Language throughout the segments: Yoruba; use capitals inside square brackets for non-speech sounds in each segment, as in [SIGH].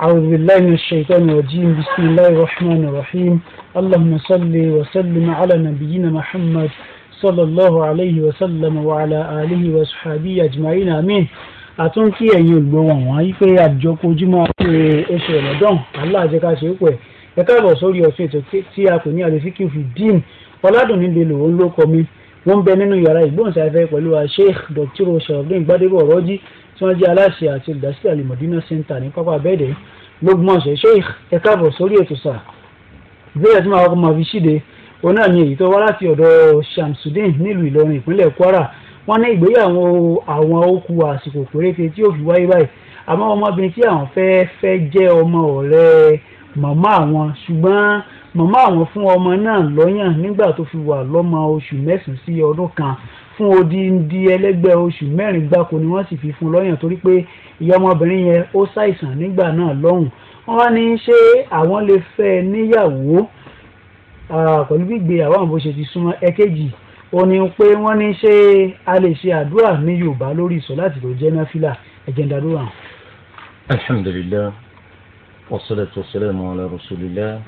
أعوذ بالله من الشيطان الرجيم بسم الله الرحمن الرحيم اللهم صل وسلم على نبينا محمد صلى الله عليه وسلم وعلى آله وصحبه أجمعين آمين àtún kí ẹ̀yin olùgbọ́ wọn wọ́n yí pé àjọ kojúmọ́ ṣe oṣù ọ̀lọ́dọ̀n aláàjẹká ṣe é pẹ̀ ẹ káàbọ̀ sórí ọ̀sẹ̀ ètò tí a kò ní àlefíkì fi dín ọ̀làdùnní lè lò ó ń lókọ mi wọ́n ń bẹ nínú yàrá ìgbóhùnsáfẹ́ pẹ̀lú Sheikh Dr. sharafdin gbadebo ọ̀rọ́jì tí wọ́n jẹ́ aláṣẹ àti olùdásílẹ̀ alimọ̀dínà center ní pápá abẹ́ẹ̀dẹ́ lọ́gbọ̀nsẹ̀ Sheikh ẹ káàbọ̀ sórí ètò sà ìbéèrè tí màá kọ́ máa fi ṣíde òun wọ́n ní ìgbéyàwó àwọn òkú àsìkò péréte tí ò fi wáyé báyìí àmọ́ ọmọbìnrin tí àwọn fẹ́ fẹ́ jẹ́ ọmọ ọ̀rẹ́ màmá àwọn ṣùgbọ́n màmá àwọn fún ọmọ náà lọ́yàn nígbà tó fi wà lọ́mọ oṣù mẹ́sàn-án sí ọdún kan fún odindi ẹlẹ́gbẹ́ oṣù mẹ́rin gbáko ni wọ́n sì fi fún lọ́yàn torí pé ìyá ọmọbìnrin yẹn ó ṣàìsàn nígbà náà lọ́hùn wọ́n wá ní ṣé àwọn lè fẹ́ níyàwó pẹ̀lú gbígbé àwọn àbòṣe ti súnmọ́ ẹ̀kejì ó ní pé wọ́n ní ṣé a lè ṣe àdúrà ní yorùbá lórí ìsọ láti lọ jẹ́ náfìlà ẹ̀jẹ̀ ń darúgbà. alhamdulilayi wasalaatu wasalaamu ala rasulillah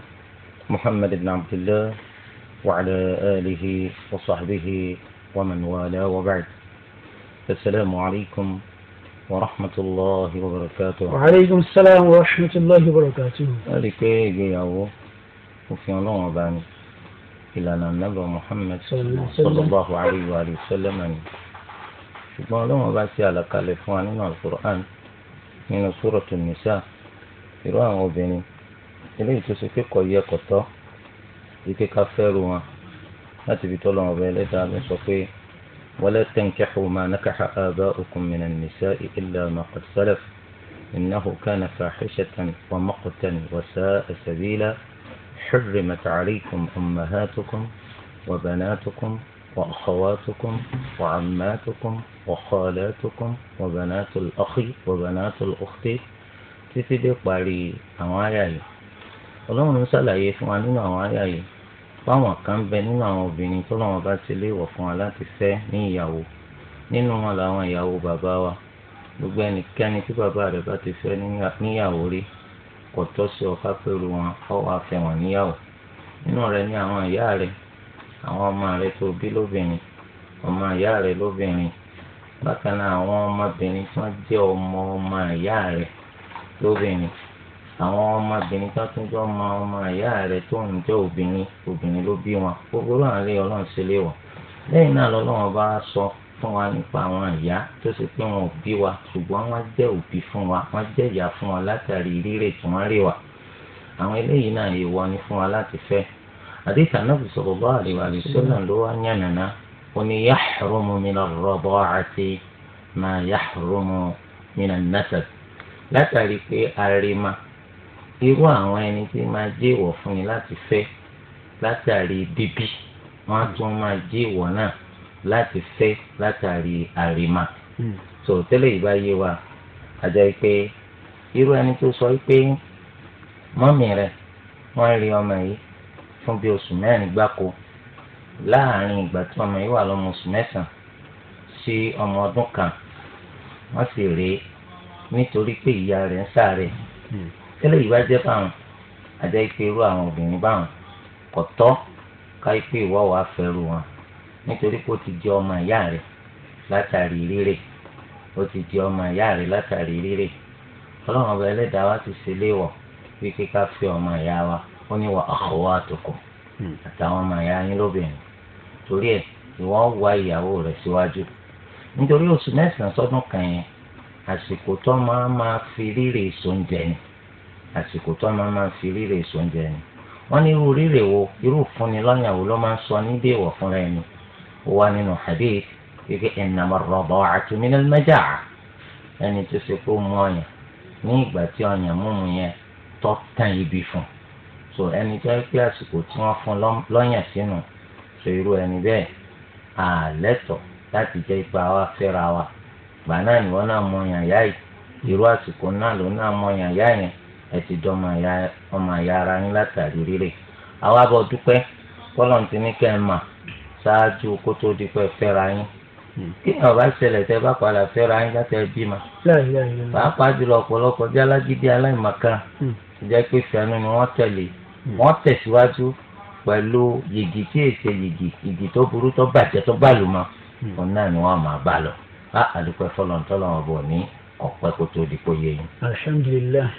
muhammad ibn abdillah wa ala alihi wa sahbihi wa man wala wa ba'd asalaamu alaykum wa rahmatulahi wa barakatuh. wa aleykum salaam wa rahmatulahi wa barakatuh. wọ́n rí i ìgbéyàwó òfin ọlọ́run ọba ni. إلى أن النبي محمد صلى الله عليه وآله وسلم شكرا لهم بس على كاليفوان من القرآن من سورة النساء إرواه وبيني إليه تسكي قوية قطة إكي كفروا أتي بطولهم وبيني دعني سوفي ولا تنكحوا ما نكح آباؤكم من النساء إلا ما قد سلف إنه كان فاحشة ومقتا وساء سبيلا حرمت عليكم أمهاتكم وبناتكم وأخواتكم وعماتكم وخالاتكم وبنات الأخ وبنات الأخت títí dé parí àwọn àyà yìí ọlọ́run ló ṣàlàyé fún wa nínú àwọn àyà yìí báwọn kan bẹ nínú àwọn obìnrin tó lọ́wọ́ bá ti léèwọ̀ fún wa láti fẹ́ ní ìyàwó nínú wọn làwọn ìyàwó bàbá wa gbogbo ẹnikẹ́ni tí bàbá rẹ̀ bá ti fẹ́ níyàwó rí kò tọ́ sí ọ káfíńrù wọn ọ wàá fẹ́ wọn níyàwó nínú rẹ ní àwọn ìyá rẹ àwọn ọmọ rẹ tó bí lóbìnrin ọmọ ìyá rẹ lóbìnrin bákan náà àwọn ọmọbìnrin ọmọ ọmọ ìyá rẹ lóbìnrin àwọn ọmọbìnrin tó tún jọ ọmọ ọmọ ìyá rẹ tó ń jẹ́ obìnrin fún wa nípa àwọn ìyá tó ṣe pé wọn ò bí wa ṣùgbọ́n wọ́n jẹ́ òbí fún wa wọ́n jẹ́ ìyá fún wa látàrí rírè tí wọ́n rí wa àwọn eléyìí náà èèwọ ni fún wa láti fẹ́ àdéhùn anábì sallallahu alaihi wasallam ló wá yànnàná ó ní yahrumu mina ar-rada'ati ma yahrumu mina an-nasab látàrí pé àrèmà irú àwọn ẹni tí máa jẹ́ ìwọ̀ fún ni láti fẹ́ látàrí bíbí wọ́n tún máa jẹ́ ìwọ̀ náà láti fẹ́ látàrí àrímà hmm. so tẹ́lẹ̀ yìí bá yé wa àjọ pé irú ẹni tó sọ pé mọ́mì rẹ̀ wọ́n rí ọmọ yìí fún bí oṣù mẹ́rin gbáko láàárín ìgbà tí ọmọ yìí wà lọ́mọ oṣù mẹ́sàn-án sí ọmọ ọdún kan wọ́n sì rèé nítorí pé ìyá rẹ̀ ń sáré hmm. tẹ́lẹ̀ yìí bá jẹ́ báwọn àjẹ́ ìpè irú àwọn obìnrin báwọn kò tọ́ ká ìpè ìwọ́ wàá fẹ́rù wọn nítorí pé ó ti di ọmọ ìyá rẹ̀ látàrí rírè ó ti di ọmọ ìyá rẹ̀ látàrí rírè ọlọ́run ọba ẹlẹ́dàá wa ti ṣe léèwọ̀ wípé ká fi ọmọ ìyá wa ó ní wa akhawatukum hmm. àtàwọn ọmọ ìyá yín lóbìnrin torí ẹ̀ ìwọ wá ìyàwó rẹ̀ síwájú nítorí oṣù mẹ́sàn-án sọ́dún kan yẹn àsìkò tó máa máa fi rírè sóúnjẹ ni àsìkò tó máa máa fi rírè sóúnjẹ ni wọ́n ní irú rírè wo irú fúnni lọ́yàn ló máa ń sọ níbẹ̀ wọ̀ fúnra ẹni wá nínú hadith kíkẹ́ innama ar-rada'atu min al-maja'a ẹni tó ṣe kó mú ọyàn ní ìgbà tí ọyàn múmu yẹn tọ́ tán ibi fún so ẹni tó ń pè àsìkò tí wọ́n fún lọ́yàn sínú so irú ẹni bẹ́ẹ̀ àlẹ́tọ̀ láti jẹ́ ipa wa fẹ́ra wa gbà náà ni wọ́n náà mọ ọyàn yá yìí irú àsìkò náà ló náà mọ ọyàn yá yẹn ẹ ti dọ́ ọmọ àyà ara yín látàrí rírè àwa bọ̀ dúpẹ́ kọ́lọ́ntì ní kẹ́ ẹ máa ṣáájú kó tó di pé fẹ́ra yín kí ni ọba ṣẹlẹ̀ tẹ́ bá padà fẹ́ra yín láti ẹbí ma pàápàá jùlọ ọ̀pọ̀lọpọ̀ bí alágídí aláìmọ̀kan hmm. jẹ́ pé fẹ́nu ni wọ́n tẹ̀lé hmm. wọ́n tẹ̀síwájú pẹ̀lú yìgì tí èsè yìgì yìgì tó burú tó bàjẹ́ tó bàlù mọ́ hmm. òun náà ni wọ́n máa bá lọ bá àdúpẹ́ fọlọ́ntọ́lọ́ wọn bò ní ọ̀pẹ́ kó tó di pé yé yín. alhamdulilayi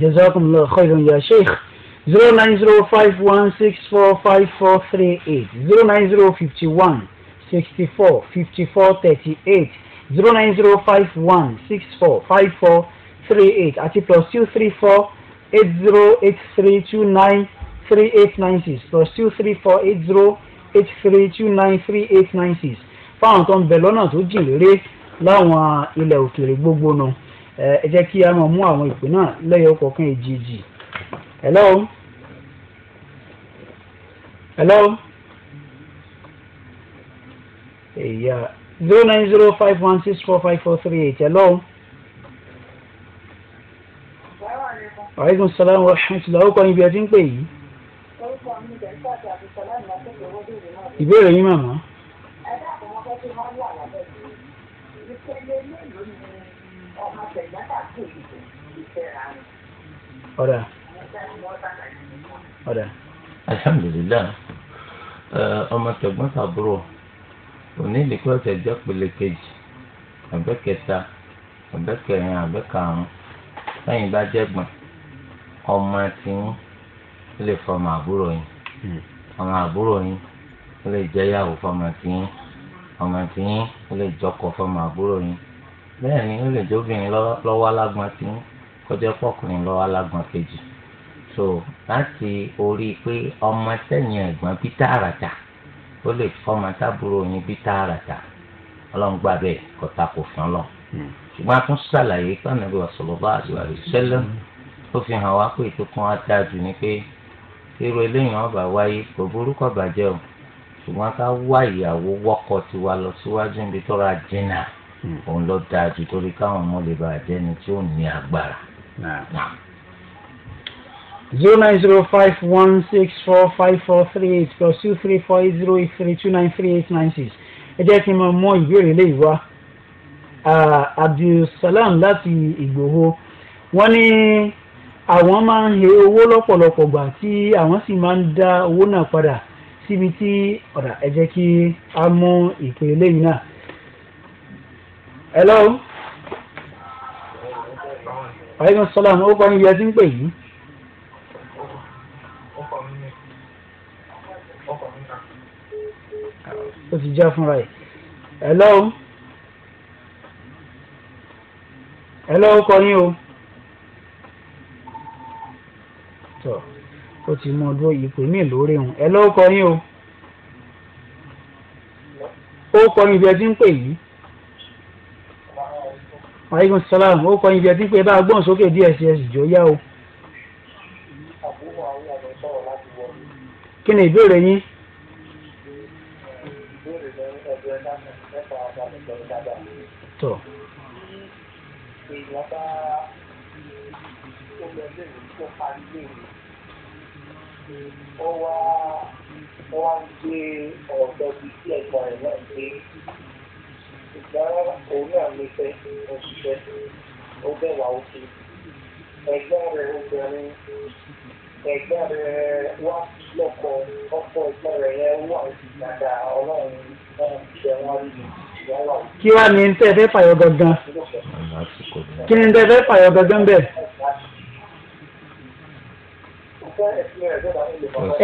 jazakumullahu khairan ya sheikh zero nine zero five one six four five four three eight zero nine zero fifty one sixty four fifty four thirty eight zero nine zero five one six four five four three eight àti plus two three four eight zero eight three two nine three eight nine six plus two three four eight zero eight three two nine three eight nine six fáwọn tó ń bẹ lọ́nà tó jìn lérè láwọn ilẹ̀ òkèèrè gbogbo náà ẹ jẹ́ kí a máa mú àwọn ìpè náà lẹ́yọ̀ kọ̀ọ̀kan èjì èjì. Hello? Hello? Hey, uh, Hello? aleykum salaam wa rahmatulah ó kọ́ ibi ẹ ti ń pè yìí. ìbéèrè yín màmá. ọ̀rẹ́. alhamdulilayi ọmọ tẹ̀gbọ́n tàbúrò òní ìdíkọ́ ọ̀sẹ̀ jẹ́ pele kejì àbẹ́ kẹta àbẹ́ kẹrin àbẹ́ karùn-ún lẹ́yìn bá jẹ́gbọ́n ọmọ tí ń lè fọmọ àbúrò yín hmm. ọmọ àbúrò yín lè jẹ́ yàwó fọmọ tí ń ọmọ tí ń lè jọkọ fọmọ àbúrò yín bẹ́ẹ̀ ni ó lè jóbìnrin lọ́wọ́ alágbọ̀n tí ń kọjá pọ̀kùnrin lọ́wọ́ alágbọ̀n kejì. so láti orí pé ọmọ sẹ́yìn ẹ̀gbọ́n bí tààràtà ó lè fọmọ sábúrò yín bí bita arata bẹ́ẹ̀ kọ́ta kò fún ọ lọ. Hmm. ṣùgbọ́n a tún ṣàlàyé pàmìlú ọ̀sọ̀lọ́bà àdúrà rẹ̀ sẹ́lẹ̀ ó fi hàn wá pé ìtòkùn adájú ni pé irú eléyìí ọba wáyé kò burúkọ bàjẹ́ o ṣùgbọ́n ká wá ìyàwó wọ́kọ̀ tiwa lọ síwájú níbi tó ra jìnnà hmm. òun ló dáa ju torí káwọn ọmọ lè bàjẹ́ ni tí ní agbára. zero nine zero five one six four five four three eight plus two three four eight zero eight three two nine three eight nine six ẹ jẹ́ kí n mọ mọ ìbéèrè lè wá abdulsalam láti ìgbòho wọ́n ní àwọn máa ń he owó lọ́pọ̀lọpọ̀ gbà tí àwọn sì máa ń dá owó náà padà síbi tí ọ̀dà ẹ jẹ́ kí a mú ìpè lẹ́yìn náà. hello. aleykum salaam ó kọ́ ní iye tí ń pè yìí. ó ti já fúnra ẹ̀ hello hello ó kọ yín o tọ ó ti mú ọdún ìpè mí lórí hùn hello ó kọ yín o ó kọ yín bí ẹ ti ń pè yìí aleykum salaam ó kọ ibi ẹtí pé bá a gbọ́n sókè díẹ̀ jọ yá o. kí ni ìbéèrè yín. tọ̀. èèyàn bá ó lọ léèrè tó parí léèrè ó wá ó wá gbé ọ̀dọ́ bíi tí ẹ̀gbọ́n rẹ̀ náà gbé ṣùgbọ́n òun náà lè fẹ́ òṣìṣẹ́ ó bẹ̀ wá òkè ẹ̀gbọ́n rẹ̀ obìnrin ẹ̀gbọ́n rẹ̀ wá lọ́kọ ọkọ ẹ̀gbọ́n rẹ̀ yẹn wà dáadáa ọlọ́run náà ṣe rí mi kí wàá ní tẹ́ fẹ́ fàyọ gangan kí ni tẹ́ fẹ́ fàyọ gangan bẹ́ẹ̀.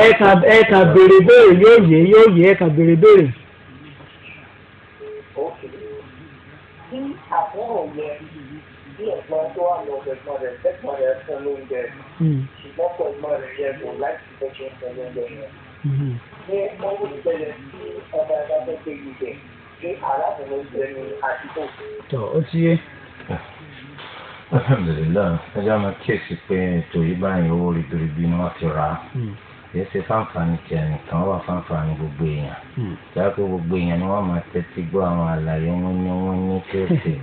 ẹ kàn béèrè béèrè yóò yé yóò yé ẹ kàn béèrè béèrè. tí hmm. àbúrò hmm tí aláàbò jẹ ní àdúgbò. tọ ó ti yé. alhamdulilayi ẹja máa kíyèsí pé ètò yìí báyìí owó ribiribi ni wọn ti rà á hmm. kìí ṣe fáǹfààní tí ẹnìkan wà fáǹfààní gbogbo èèyàn jáde hmm. gbogbo èèyàn ni wọn máa tẹ́tí gbọ́ àwọn àlàyé wọn ní wọn ní kéèké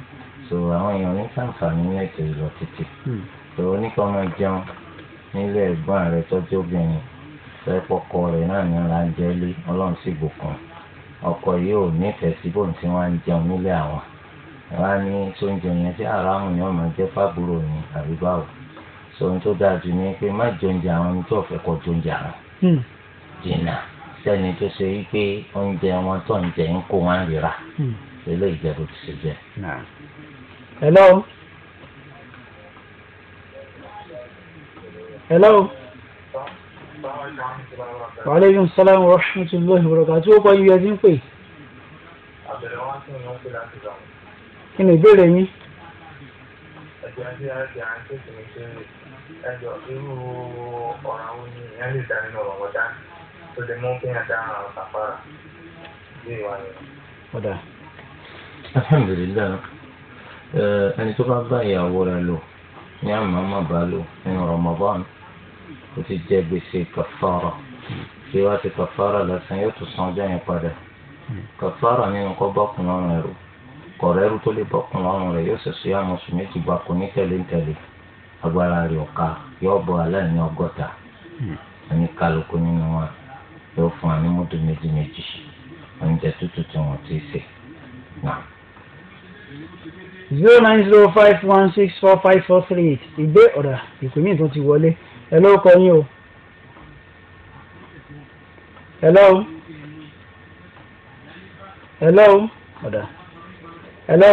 so àwọn èèyàn ní fáǹfààní ní ètò ìlọ títì hmm. so oníkan máa jẹun nílé ẹ̀gbọ́n rẹ̀ tọ́jú obìnrin fẹ́ pọkọ rẹ̀ náà ní ọ̀la ń jẹ́lé ọlọ́run sì bùkún ọkọ yìí ò nífẹ̀ẹ́ sí bóun tí wọ́n á jẹun nílé àwọn wọ́n á ní sóúnjẹ yẹn tí aráàmù ni wọ́n máa jẹ́ ní àbí báwo sóun tó dáa jù ní pé má jọ̀ǹjẹ àwọn ẹni tó ọ̀fẹ́ jọ̀ǹjẹ àwọn hmm. jìnnà sẹ́ni tó ṣe wípé oúnjẹ wọn tó ń hmm. wàhálẹ́yìn sálámù rahmatullahi wabarakatuh tí ó kọ́ iye ẹtí ń pè. kí ni ìbéèrè yín. ẹ̀jẹ̀ àti àti àti kìíní ṣe ẹjọ́ irú ọ̀ràn wo ni ìyẹn lè dá nínú ọ̀rọ̀ wọ́dá tó lè mú kí wọ́n dá àwọn kàfàrà bí ìwà rẹ̀. ọ̀dà alhamdulilayi ẹni tó bá bá ìyàwó rẹ̀ lò ní àmọ́ má bá lò nínú Ramadan ó ti jẹ gbèsè kàfàrà tí wàá ti kàfàrà lọ́sàn yóò tún san ọjọ́ yẹn padà kàfàrà nínú kọ́ bọ́kùn lọ́rùn ẹ̀rù kọ̀rọ̀ ẹ̀rù tó lè bọ́kùn lọ́rùn rẹ̀ yóò ṣẹ̀ṣẹ̀ yá mọ̀ṣù méjì gbàkú ní tẹ̀léńtẹ̀lé agbára rẹ̀ ọ̀ka yóò bọ̀ aláìní ọgọ́ta ẹni kálukú nínú wa yóò fún wa ní mọ́tò méjì méjì oúnjẹ tútù tí wọ́n ti sè náà zero nine zero five one six four five four three eight ìgbé ọ̀rà ìpínlẹ̀ tó ti wọlé Hello, ló kọ yín o hello hello ọ̀dà hello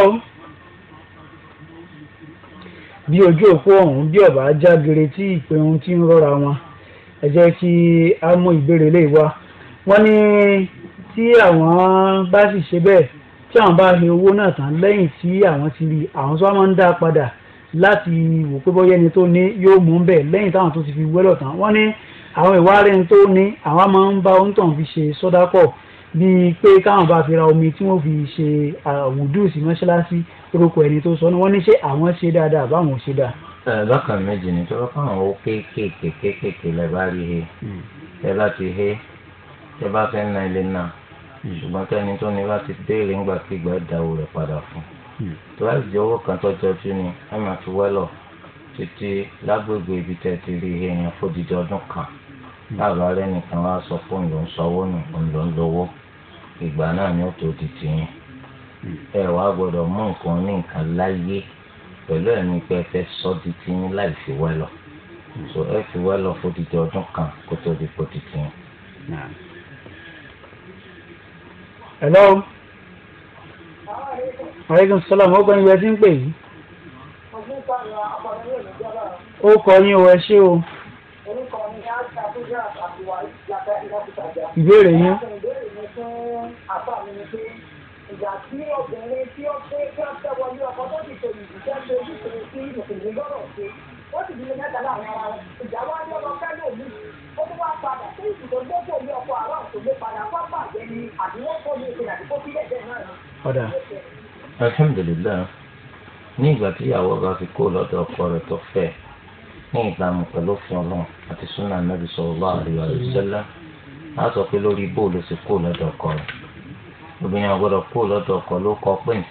bí ojú òpó ọ̀hún bí ọ̀bà jágere tí ìpè ohun ti ń rọra wọn ẹ jẹ́ kí a mú ìbéèrè lè wá wọ́n ní tí àwọn bá sì ṣe bẹ́ẹ̀ tí àwọn bá rí owó náà tán lẹ́yìn tí àwọn ti rí àwọn tó wá máa ń dá padà láti wò pé bóyá ẹni tó ní yóò mú bẹ́ẹ̀ lẹ́yìn táwọn tó ti fi wẹ́lọ̀ tán wọ́n ní àwọn ìwárẹ̀ ẹni tó ní àwa máa ń bá oúntàn fi ṣe sọ́dá pọ̀ bíi pé káwọn bá fi ra omi tí wọ́n fi ṣe àwùdú sí mọ́ṣáláṣí orúkọ ẹni tó sọ ni wọ́n ní ṣé àwọn ṣe dáadáa àbáwọn ò ṣe dáa. bákan méjì ni tọ́lá fún àwọn kéékèèké kéékèèké lẹ bá rí he hmm. ẹ bá he ẹ bá fẹ́ na ilé náà hmm. ṣùgbọ́n tẹ́ni tó ní bá ti béèrè ńgbàkigbà rẹ̀ padà fún un tó bá sì jẹ́ owó kan tọ́jọ́ tí ni ẹ máa fi wẹ́lọ̀ títí lágbègbè ibi tẹ̀ ti rí èèyàn fódìdí ọdún kan láàbá rẹ nìkan wá sọ fún òun ló ń sanwó nù òun ló ń lówó ìgbà náà ni ó tó di tìyìn ẹ wá gbọ́dọ̀ mú nǹkan ní nǹkan láyé pẹ̀lú ẹ̀mí pé ẹ fẹ́ sọ di tìyìn láì fi wẹ́lọ̀ so ẹ fi wẹ́lọ̀ fódìdí ọdún kan kó tó di fódìdí tìyìn. Hello aleykum salaam ó kọ́ ní bẹ́ẹ̀ tí ń pè yìí. ó kọ́ ní o ẹ ṣé o. ìbéèrè yín. ìgbà ni àdúgbò alhamdulilayi ní ìgbà tí ìyàwó bá fi kó lọ́dọ̀ ọkọ rẹ̀ tó fẹ́ ní ìbámu pẹ̀lú òfin àti súnà nàbì á sọ pé lórí bóòlù sì kó ọkọ rẹ̀ obìnrin kó lọ́dọ̀ ọkọ ló kọ pé ń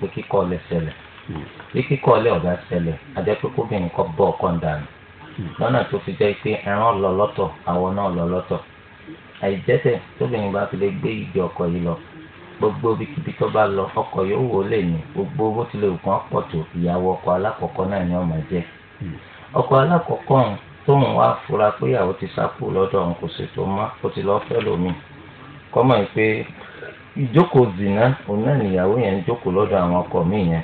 pé kíkọ́ lẹ̀ bí kíkọ́ lẹ̀ ọ̀gá pé kóbìnrin kọ́ bọ́ ọkọ dànù lọ́nà tó fi jẹ́ pé ẹran lọ lọ́tọ̀ àwọn náà lọ lọ́tọ̀ àìjẹ́sẹ̀ tóbìnrin bá fi lè gbé ìgbé ọkọ yìí lọ gbogbo bíkíbi tó bá lọ ọkọ yóò wò lè ní gbogbo bó tilẹ̀ òkun ọ̀pọ̀ tó ìyàwó ọkọ alákọ̀ọ́kọ́ náà ni ọmọ jẹ́ hmm. ọkọ alákọ̀ọ́kọ́ ọ̀hún tóun wá fura pé ìyàwó ti sápò lọ́dọ̀ ọ̀hún kò sì tó mọ́ ó ti lọ́ọ́ fẹ́ lómi kọ́mọ̀ yìí pé ìjókòó zìnà òun náà nìyàwó yẹn ń jókòó lọ́dọ̀ àwọn ọkọ mi yẹn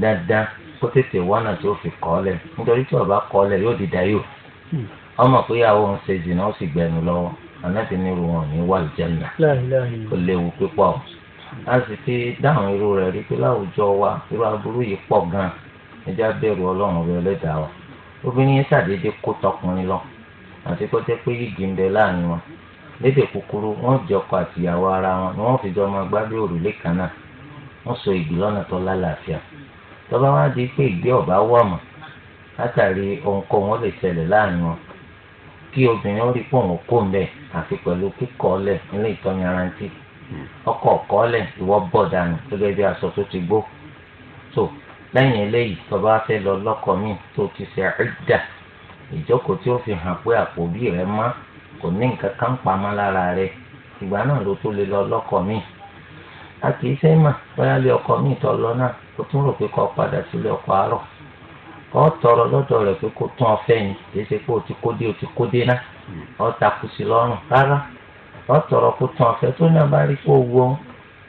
dáadáa kó tètè wọ́nà tí ó fi kọ́lẹ̀ nítorí tí ó kọ́lẹ̀ yóò dìda yóò hmm. ọmọ pé ìyàwó ń ṣe zìnà ó sì gbẹnu lọ́wọ́ anábì ní irú wọn ní wàlìjẹ́nà ó léwu pípọ̀ a sì ti dáhùn irú rẹ̀ rí pé láwùjọ wa irú aburú yìí pọ̀ gan-an ẹja bẹ̀rù ọlọ́run rẹ̀ lẹ́dàá wa obìnrin yẹn ṣàdédé kó tọkùnrin lọ àti kó jẹ́ pé yìgì ń bẹ láàrin wọn lédè kúkúrú wọn jọkọ àtìyàwó ara wọn ni wọn fi jọ máa gbádùn òrùlé kan wọn sọ ìgbì lọ́nà tó lálàáfíà tọ́ba wá di pé ìgbé ọ̀bá wọ̀ mọ́ látàrí ohunkóhun ó lè ṣẹlẹ̀ láàrin wọn kí obìnrin ó rí pọ̀ òun kó ń bẹ̀ àti pẹ̀lú kíkọ́ lẹ̀ nílé ìtọ́ni arántí ọkọ̀ ọ̀kọ́ lẹ̀ ìwọ́ bọ̀ dànù gẹ́gẹ́ bí aṣọ tó ti gbó tó lẹ́yìn eléyìí tó bá fẹ́ lọ lọ́kọ mi tó ti ṣe àìdà ìjókòó tí ó fi hàn pé àpòbí rẹ̀ mọ́ kò ní nǹkan kan pamọ́ lára rẹ̀ ìgbà náà ló tó lè lọ lọ́kọ mi a kì í sẹ́yìn mà bóyá lé ọkọ mi tó lọ náà ó tún rò pé kó padà sílé ọkọ àárọ̀ ọ tọrọ lọ́dọ̀ rẹ̀ pé kó tán ọfẹ yẹn kìí ṣe pé o ti kóde o ti kóde náà ọ takù sí lọ́rùn rárá ọ tọrọ kó tán ọfẹ tó náà bá rí kó wu ohun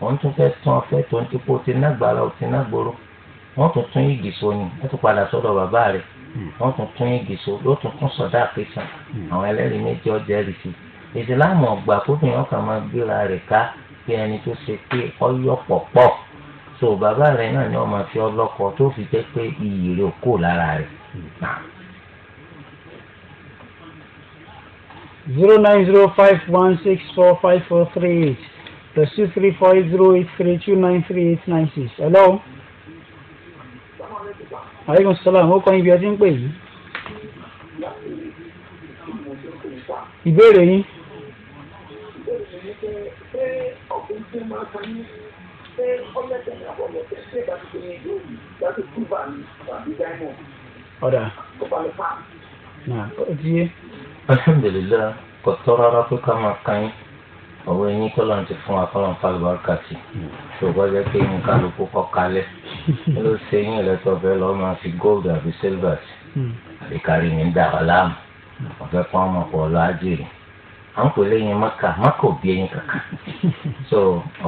òun tún fẹ́ tán ọfẹ tó ń ti kó o ti ná gbàrà o ti ná gbòòrò wọ́n tún tún yìgì so ni wọ́n tún padà sọ́dọ̀ bàbá rẹ̀ wọ́n tún tún yìgì so ló tún tún sọdá àpèsàn àwọn ẹlẹ́rìí méjì ọjà rì sí ìsìláàmù ọgbà kóbìnrin ọkàn máa gbéra rẹ̀ ká bí ẹni tó ṣe pé ọyọ pọ̀pọ̀ so bàbá rẹ náà ni wọn máa fi ọlọ́kọ tó fi jẹ́ pé iyì rẹ kò lára rẹ. zero nine zero five one six four five four three eight plus two three four eight zero eight three two nine three eight nine six hello. aleykum salaam ó kọ́ ibi ọtí ń pè yìí. ìbéèrè yín. ìbéèrè yín pé ọlẹ́sẹ̀ ní àbọ̀ lẹ́sẹ̀ ṣé ìdájọ́ tó ní ìlú ìdájọ́ kúbà ní tàbí diamond. ọ̀dà tó balẹ̀ pa. alhamdulilayi kò tọ́ rárá tó ká máa kan yín ọ̀rọ̀ ẹ̀yìn kọ́lá ti fún akọ́lọ́n fàlùbáràkà sí ṣùgbọ́n jẹ́ pé yín kálukú kọ́ kalẹ̀ ló [LAUGHS] ṣe yín ìlẹ́tọ̀ ọ̀fẹ́ lọ́ọ́ máa fi gold àbí silver sí hmm. àbíkárí ní dàgbà láàmú hmm. ọ̀fẹ́ pọ́n ọmọkùnrin ọ̀lọ́ àjèrè à ń pè lẹ́yìn maka maka ò ẹyin kankan so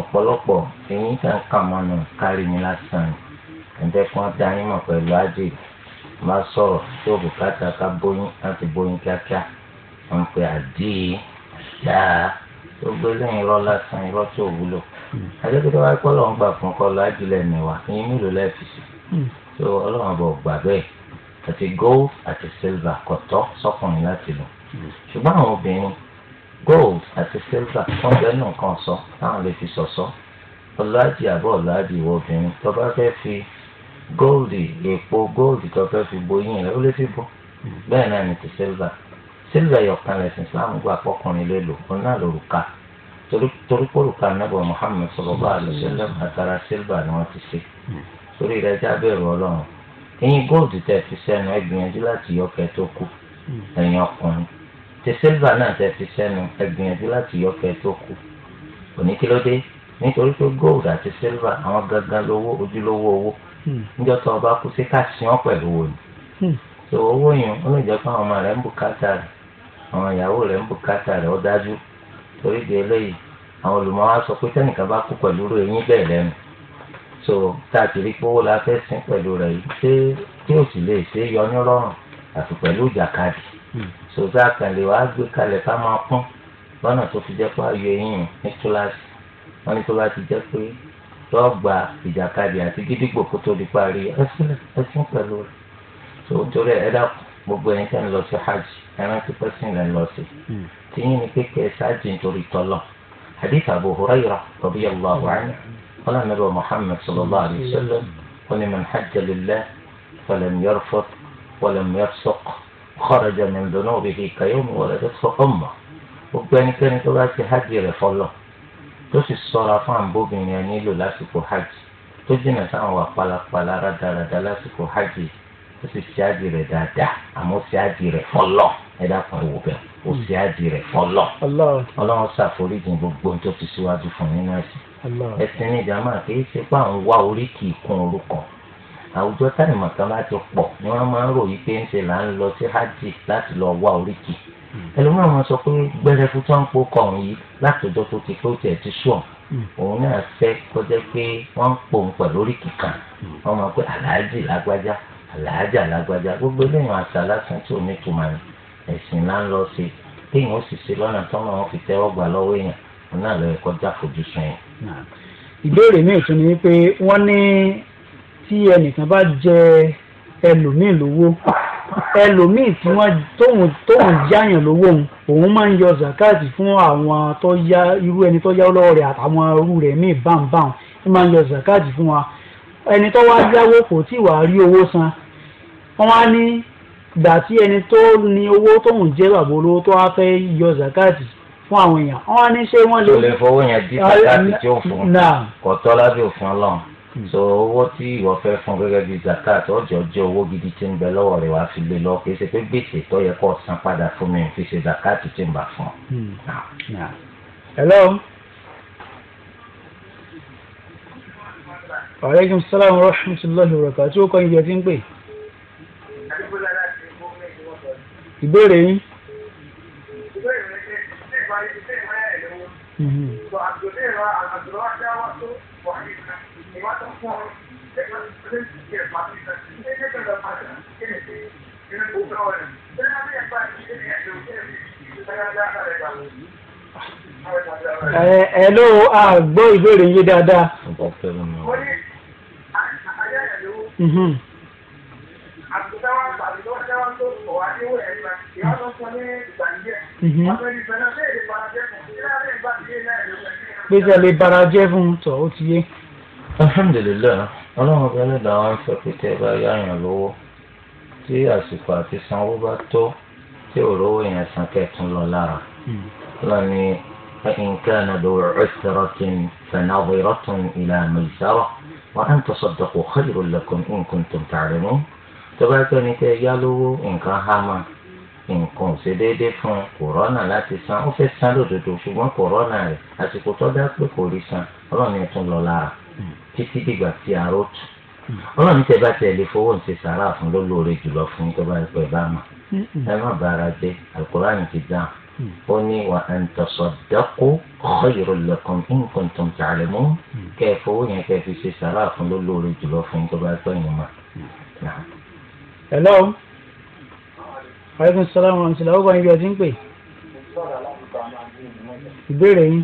ọ̀pọ̀lọpọ̀ ẹyin kan kà mọ́nà kárí mi lásán ẹ̀jẹ̀ kan dá yín mọ̀ pẹ̀lú ajé má sọ̀rọ̀ tí o bùkátà ká bóyún láti bóyún kíákíá wọ́n pe àdé dáa tó gbé lẹ́yìn irọ́ lásán irọ́ tí ò wúlò adékòtò wa kọ́ lọ́n gbà fún kọ́ lọ́ ajílẹ̀ nìwà ẹyin mélòó lẹ́ẹ̀fì so ọlọ́run àbọ̀ gbà bẹ́ẹ̀ àti gold àti silver kọ̀tọ́ sọ́kùnrin láti lò ṣùgbọ́n àwọn obìnrin gold àti silver wọ́n bẹ nù kan sọ táwọn lè fi sọsọ ọ̀làjì àbọ̀ ọ̀làjì ìwọ obìnrin tó bá fẹ́ fi góòlì èpo góòlì tó fẹ́ fi boyín rẹ̀ ó lè fi bọ́ bẹ́ẹ̀ náà ni ti silver silver yọkan lẹ̀sìn islam pọ́kùnrin lè lò náà lò nàbọ̀ muhammed àtàrà silver ni wọ́n ti ṣe torí ọlọ́run ẹ̀yin tẹ̀ yọ kẹ́ tó kù ẹ̀yin ọkùnrin ṣe sílvà náà tẹ fi sẹ́nu ẹ gbìyànjú láti yọ kẹ tó kù òní kí ló dé nítorí pé gold àti silver àwọn gangan lówó ojúlówó owó hmm. níjọ tó o bá kú sí ká sin ọ́ pẹ̀lú owó ni tó hmm. owó yẹn ó lè jẹ́ pé àwọn ọmọ rẹ̀ ń bùkátà rẹ̀ àwọn ìyàwó rẹ̀ ń bùkátà rẹ̀ ó dájú torí di eléyìí àwọn olùmọ̀ wa sọ pé tẹ́nìkan bá kú pẹ̀lú rẹ̀ eyín bẹ́ẹ̀ lẹ́nu so tá a ti rí pé owó la fẹ́ sin pẹ̀lú rẹ̀ yìí ṣé tí ò sì lè ṣe é yọ ní rọrùn àti pẹ̀lú ìjàkadì Hmm. sọ̀tà àkàlẹ̀ wàá gbé kalẹ̀ ká máa pọ́n lọ́nà tó fi jẹ́ pé ayọ̀ eyín ní kíláàsì wọ́n ní tó bá ti jẹ́ pé yóò gba ìjàkadì àti gídígbò kó tó di parí ẹsìn ẹsìn pẹ̀lú rẹ̀ tó torí ẹ dákun gbogbo ẹni tẹ́ ń lọ sí hajj ẹran tí pẹ́sìn rẹ̀ ń lọ sí hmm. tí yín ni kékeré sáájì nítorí tọ́lọ̀ hadith Abu Hurairah radiyallahu anhu qala nabi Muhammad sallallahu alayhi wa sallam wa man hajja lillah falam yarfuth walam yafsuq. خرج من ذنوبه كيوم ولدته أمه gbogbo ẹnikẹ́ni tó bá ti hajj rẹ̀ fọlọ̀ tó sì sọra fún àǹbóbìnrin ẹni lò lásìkò hajj tó jìnnà sáwọn wà pálapàla rádaràda lásìkò hajj tó sì ṣe hajj rẹ̀ dáadáa àmọ́ ṣe hajj rẹ̀ fọlọ̀ ẹ̀dá kan wò bẹ́ẹ̀ ó ṣe hajj rẹ̀ fọlọ̀ ọlọ́run ṣàforíjì gbogbo tó ti síwájú fún nínú ẹ̀sìn ẹ̀sìn ní ìjàmbá kì í ṣe pé àwọn wá oríkì kún orúkọ àwùjọ táyìmọ̀ kan bá ti pọ̀ ni wọ́n máa ń ròyìn pé ń ṣe là ń lọ sí hajj láti lọ wá oríkì hmm. ẹlòmíràn máa sọ pé gbẹrẹfu tó ń po kọrùn yìí látọjọ́ tó ti pé ó tiẹ̀ ti sùn hmm. òun náà fẹ́ kọjá pé wọ́n ń pẹ̀lú oríkì kan hmm. wọ́n máa gbogbo àṣà lásán tí ní tuma ẹ̀sìn ń lọ sí téèyàn ó fi tẹ́wọ́ gbà lọ́wọ́ èèyàn òun náà fojú sùn ìbéèrè pé wọ́n ní tí ẹnìkan bá jẹ ẹlòmíì lówó ẹlòmíì tí wọ́n tóun tóun jáyàn lówó òun òun máa ń yọ zakati fún àwọn tó yá irú ẹni tó yá lọ́wọ́ rẹ̀ àtàwọn irú rẹ̀ míì bámbám wọ́n máa ń yọ zakati fún wa ẹni tó wá yáwó kò tí wàá rí owó san wọ́n á ní gbà tí ẹni tó ní owó tóun jẹ́ bàbá olówó tó wá fẹ́ yọ zakati fún àwọn èèyàn wọ́n á ní ṣé wọ́n lè. tó lè fowó yẹn dí zakati tí ó fún kò tọ́ lábẹ́ òfin ọlọ́run. Hmm. so owó tí ìwọ fẹ́ fún gẹ́gẹ́ bíi zakat ọjọ́ jẹ́ owó gidi tí ń bẹ lọ́wọ́ rẹ̀ wá fi lé lọ kì í ṣe pé gbèsè tó yẹ kó san padà fún mi fi ṣe zakat tí ń bà fún. Hmm. Ah. hello. aleykum salaam wa rahmatulahi wa barakatuh tí ó kọ́ iye tí ń pè. ìbéèrè yín. Mm-hmm ẹ eh, ló ìbéèrè yín dáadáa. Mhm. Mhm. pèsè lè bara jẹ́ fún tọ̀ ó ti yé alhamdulilayi ọlọ́run ọba ẹlẹ́dàá wa ń sọ pé tẹ́ ẹ bá yá èèyàn lówó tí àsìkò àti sanwó bá tó tí òróró yẹn san kẹ́tún lọ lára hmm. lọ́ni nǹkan àdó ọ̀ṣẹ̀rọ̀tìn fẹ̀nàwérọ̀tìn ìlànà ìsáwọ̀ wọn á ń tọ́sọ̀dọ̀kọ̀ xẹ́lẹ̀ lẹ́kùn nǹkan tó ń tààrí mú tó tẹ́ ni títí dìgbà tí arọ tù ọlọ́run tẹ bá tẹ̀lé fowó ń ṣe sàárà fún lólóore jùlọ fún tó bá pẹ̀ bá mà ẹ má bàrà jẹ alukur'an ti dáhùn ó ní wa an tasaddaqu khayrun lakum in kuntum ta'lamun kẹ́ ẹ fowó yẹn kẹ́ ẹ fi ṣe sàárà fún lólóore jùlọ fún tó bá pẹ̀ yín mà. hello aleykum salaam wa rahmatulah ó bá ọtí ń pè ìbéèrè yín.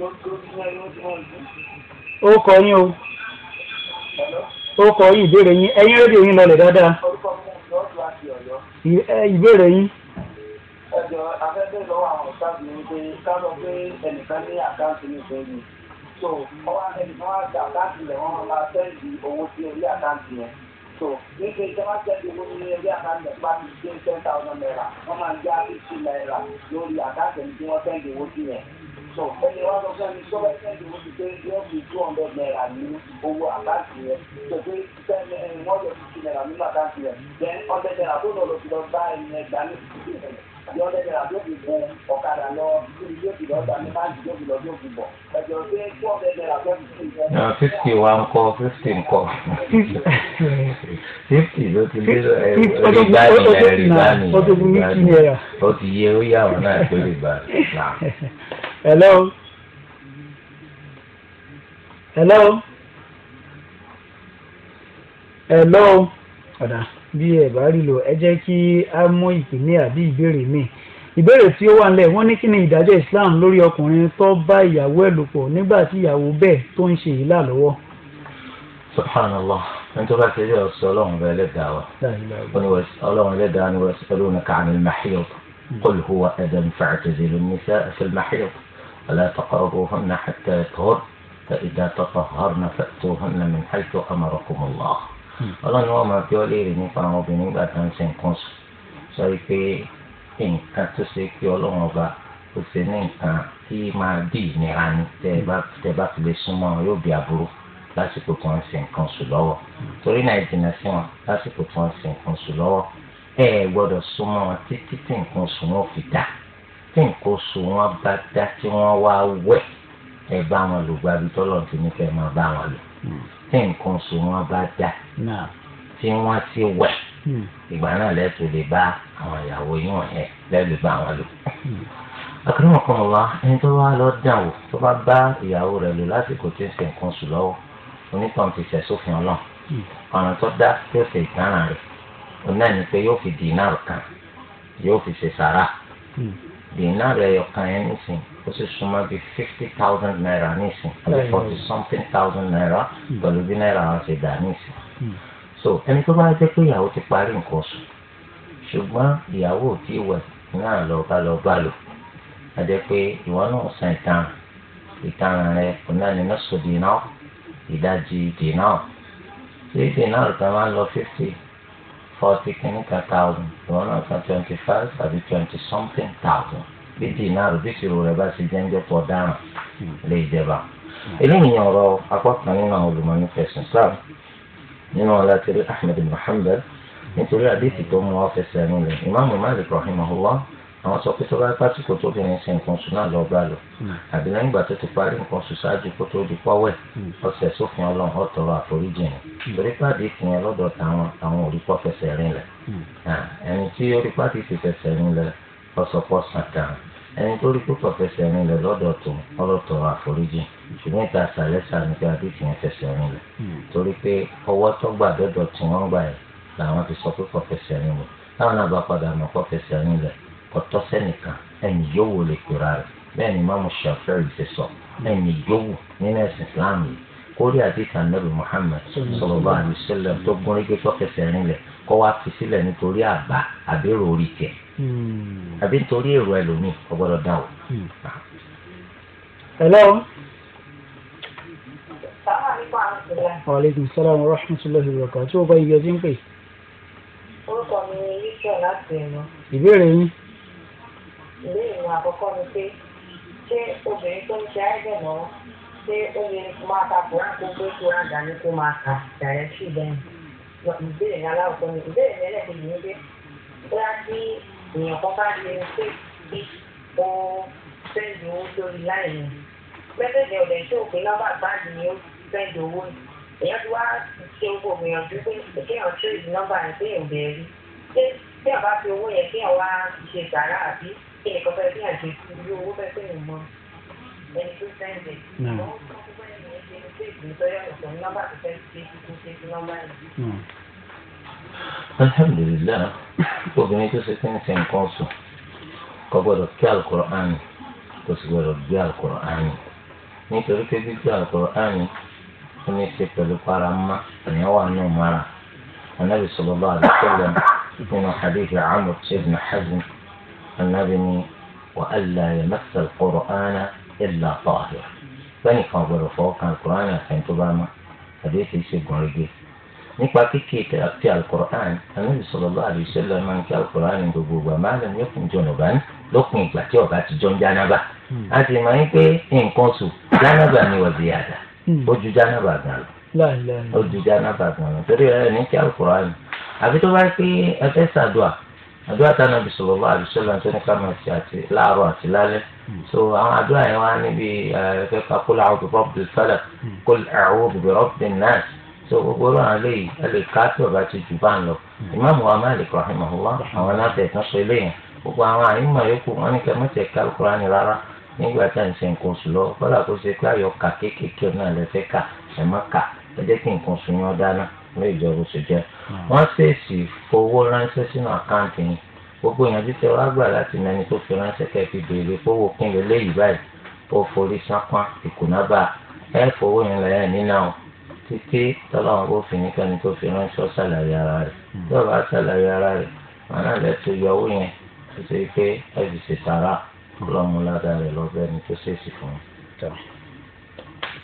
ó kọ yín o ó kọ yín ìbéèrè yín ẹ̀yin rédíò yín lọlẹ̀ dáadáa ìbéèrè yín. ẹjọ afẹ́fẹ́ lọ́wọ́ àwọn ọ̀sán mi ń pé ká lọ pé ẹnìkan ní àkáǹtì mi fẹ́ mi so ọwọ́ ẹnìkan wá gba àkáǹtì rẹ̀ wọ́n máa sẹ́ǹdì owó sí orí àkáǹtì yẹn so nígbà tí wọ́n sẹ́ǹdì owó ní orí àkáǹtì yẹn bá ti ten thousand naira wọ́n máa ń já fifty naira lórí àkáǹtì tí wọ́n sẹ́ǹdì owó sí yẹn sọ ẹni wá lọ sẹ́ni sọ́wọ́ ẹ̀sẹ̀ǹtì wọ́n ti pé yóò fi two hundred naira ní owó àkáǹtì rẹ̀ tó pé ten ẹni wọ́n lọ fifty naira nínú àkáǹtì rẹ̀ then hundred naira tó lọ lọ sí lọ bá ẹni ẹgbàá ní fifty naira ní hundred naira tó fi gun ọ̀kadà lọ níbi yóò fi lọ gbà ní báńkì yóò fi lọ yóò fi bọ̀ ẹ̀jọ̀ pé two hundred naira tó fi fún ìfẹ́. fifty wa ń kọ fifty ń kọ fifty ló ti lé rìbá nìyẹn rìbá nìyẹn ó ti yẹ ó yà wọn náà tó rìbá náà hello hello hello ọ̀dà bí ẹ bá rí lò ẹ jẹ́ kí a mú ìpínlẹ àbí ìbéèrè mi ìbéèrè tí ó wà nílẹ̀ wọ́n ní kí ni ìdájọ́ Islam lórí ọkùnrin tó bá ìyàwó ẹ̀ lò pọ̀ nígbà tí ìyàwó bẹ́ẹ̀ tó ń ṣe ìlà lọ́wọ́. subhanallah ẹni tó bá ti rí ọ̀sẹ̀ ọlọ́run rẹ̀ lẹ́dàá wa ọlọ́run lẹ́dàá ni wọ́n ṣe pẹ̀lú nìkan ní mahiyot qul huwa adam fa'tazilu nisa fil mahiyot. فلا تقربوهن حتى يطهر فإذا تطهرن فأتوهن من حيث أمركم الله ọlọ́run wọn máa fi ọ́ léèrè nípa àwọn obìnrin nígbà tó ń ṣe nǹkan sùn sọ pé nǹkan tó ṣe pé ọlọ́run ọba ó ṣe ní nǹkan tí máa bí ìnira ni tẹ́ bá fi lè súnmọ́ yóò bí aburú lásìkò tí ń ṣe nǹkan sùn lọ́wọ́ torí náà ìdènà sí wọn lásìkò tí ń ṣe nǹkan sùn lọ́wọ́ ẹ gbọ́dọ̀ súnmọ́ wọn títí tí nǹkan sùn wọn fi dáa tí nǹkan oṣù wọn bá dá tí wọ́n wá wẹ̀ ẹ bá wọn lò gbàbí tọ́lọ̀ tí ní kẹ́ máa bá wọn lò tí hmm. nǹkan oṣù wọn bá dá tí wọ́n ti wẹ̀ hmm. ìgbà náà lẹ́tù lè bá àwọn ìyàwó yín wọ̀nyẹn lẹ́lù bá wọn lò. àkàrà kan wá ẹni tó wá lọ dàn wò tó bá bá ìyàwó rẹ̀ lò lásìkò tí ń ṣe nǹkan oṣù lọ́wọ́ onítàn ti ṣẹ̀ sófin ọlọ́run hmm. ọ̀nà tó dá tó ṣe ìgbáràn rẹ̀ òun náà ni pé yóò fi dínà kan yóò fi ṣe sàrà dìínà rẹ̀ yọkan yẹn nísìn ó sì súnmọ́ bíi fifty thousand naira nísìn àti forty something thousand naira hmm. pẹ̀lú bí náírà wọn ṣe dà nísìn. Hmm. so ẹni tó bá jẹ́ pé ìyàwó ti parí nǹkan sùn ṣùgbọ́n ìyàwó ò tí ì wẹ̀ náà lọ bá lọ bá lò á jẹ́ pé ìwọ náà san ìtàn ìtàn rẹ̀ kò náà ní nọ́ọ̀sì dìínà ìdajì dìínà ṣé dìínà kan máa ń lọ fifty forty kìnnìkan thousand ìwọ náà san twenty five àbí twenty something thousand bí dìnnàrú bí ìṣirò rẹ bá ṣe jẹ́ńjẹ́ pọ̀ dáràn hmm. lè jẹba. eléyìí ni ọ̀rọ̀ apá kan nínú àwọn olùmọ̀ọ́nì fẹ̀sùn Islam nínú ọ̀làtìrí Ahmed Muhammad nítorí àdìsí tó mú ọ́ fẹsẹ̀ nílẹ̀ ìmáàmù Malik rahimahullah àwọn sọ pé tó bá pàtó kó tó bìnrin ṣe nǹkan oṣù náà lọ bá lọ hmm. àbí lẹ́yìn ìgbà tó ti parí nǹkan oṣù ṣáájú kó tó di pọ́wẹ́ ọ̀sẹ̀ hmm. sófin ọlọ́run ọ̀tọ̀rọ̀ àforíjì ni hmm. torí pàdé ìfihàn lọ́dọ̀ táwọn àwọn òrìkọ́ fẹsẹ̀ rìn lẹ̀ ẹni tí orí pàdé ti fẹsẹ̀ rìn lẹ̀ ọ̀sọ̀pọ̀ sàkà ẹni tó rí púpọ̀ fẹsẹ̀ rìn lẹ̀ lọ́dọ̀ tó ọlọ́tọ̀rọ̀ àforíjì ṣùgbọ́n ìta àṣàlẹ́sà ni pé àdéhùn yẹn fẹsẹ̀ rìn lẹ̀ torí pé ọwọ́ tó gbà dọ́dọ̀ tí wọ́n gbà yẹn làwọn ti sọ pé ọ̀tọ́ sẹ́nìkan ẹni yòówù lè pèrà rẹ̀ bẹ́ẹ̀ ni mọ́mú ṣàfẹ́rì ti sọ ẹni yòówù nínú ẹ̀sìn islam yìí kórè àdìsá nàbì muhammed sọlọ́bà àdìsẹ́lẹ̀ tó gún régé tó fẹsẹ̀ rinlẹ̀ kọ́ wa fi sílẹ̀ nítorí àbá àbérò orí tẹ̀ hmm. àbí nítorí èrò ẹlòmíì ọgbọ́dọ̀ dà o. Hmm. hello. aleykum salaam wa rahmatulahi wa barakatuh tí o bá yíyọ sí ń pè. orúkọ mi ni yíṣẹ́ láti ẹ̀rọ. ìbéèrè yín ìbéèrè mi àkọ́kọ́ ni pé ṣé obìnrin tó ń ṣe àìsàn náà ṣé ó lè máa ta kùrán kó pé kùrán dání kó máa kà dàrẹ́ sí bẹ́ẹ̀ ìbéèrè ní aláwọ̀kọ́ ni ìbéèrè ní ẹlẹ́kejì ni pé bóyá tí èèyàn kan bá lè ṣe bí ó fẹ́ẹ̀dì owó sórí mẹ́tẹ̀ẹ̀dẹ̀ ọ̀dẹ̀ tó pé lọ́ba àgbáàdì ni ó fẹ́ẹ̀dì owó èèyàn ti wá ṣe owó gbìyànjú pé kéèyàn tó ìdí nọ́mbà rẹ̀ pé èèyàn bẹ̀rẹ̀ rí pé tí àbá fi owó yẹn kéèyàn wá ṣe sàrà àbí ṣe nǹkan fẹ́ bí àjẹkù ní owó fẹ́ pé yẹn mọ ẹni tó sẹ́ǹdẹ̀ wọ́n kọ́ fún ẹni yẹn ṣe ní pé ìgbésọ́yà ọ̀sán nọ́mbà tó fẹ́ ṣe kíkún ṣe sí nọ́mbà yìí. alhamdulilayi obìnrin tó ṣe pé ń ṣe nǹkan sallallahu alaihi wasallam nínú hadith amr ibn hazm anábì ni wà á la yamassa al-Qur'ana illa tahir bẹ́ẹ̀ni kan gbọ́dọ̀ fọ́ kan al-Qur'an àfẹ́n tó bá mọ́ àdéhùn ṣe gùn régé nípa kíkì àti al-Qur'an anábì sallallahu alaihi wasallam máa ń kí al-Qur'an gbogbogbò àmọ́ àlọ́ ni yóò fún jọ̀nà bá ní lópin ìgbà tí ọ̀gá ti jọ ń jánábà hmm. a sì máa ń pé nǹkan sùn jánábà ni wọ́n ti yàtà ó gan lọ ó ju gan lọ torí ẹ̀ ní kí al àbí tó bá pé ẹ fẹ́ ṣàdúà àdúrà tí Ànábì sallallahu alaihi wasallam tó ní ká máa ti àti láàárọ̀ àti lálẹ́ so àwọn àdúrà yẹn wá níbi ẹ̀fẹ́ ká qul a'udhu bi rabbil falaq qul a'udhu bi so gbogbo ọ̀rọ̀ àlẹ́ yìí ẹ lè ká tí ọba ti jù bá ń lọ ìmáàmù wa Malik rahimahullah àwọn aláṣẹ ìtàn sọ eléyìí gbogbo àwọn àyìnbó yòókù wọn ní kẹmẹtẹ kálukúrá ni rárá nígbà tá yẹn ọ ní ìjọba oṣù jẹ wọn ṣèèṣì fowó ránṣẹ́ sínú àkáǹtì yìí gbogbo ìyànjú tẹ wá gbà láti mẹni tó fi ránṣẹ́ kẹfì béèrè fowó kí ló léyìí báyìí ó forí sápá ìkùnà bá ẹ fowó yẹn lọ ẹ nínà o títí tọ́lọ́wọ́n kó fi ní kẹ́ni tó fi ránṣẹ́ ṣàlàyé ara rẹ̀ tí ó bá ṣàlàyé ara rẹ̀ wọn náà tó yọ owó yẹn tó ṣe pé ẹ fi ṣe sàrà lọ́múládà rẹ̀ lọ́bẹ̀ ni tó ṣèṣì fún un.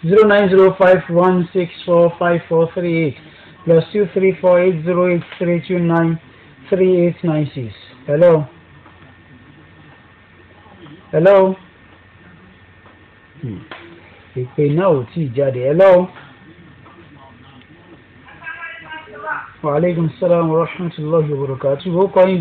zero nine zero five one six four five four three plus two three four eight zero eight three two nine three eight nine six. Hello. Hello. Hmm. Ìpè now ò tí ì jáde. Hello. Wa alaikum salaam wa rahmatullahi wa barakatuh. Ó kọ́ yín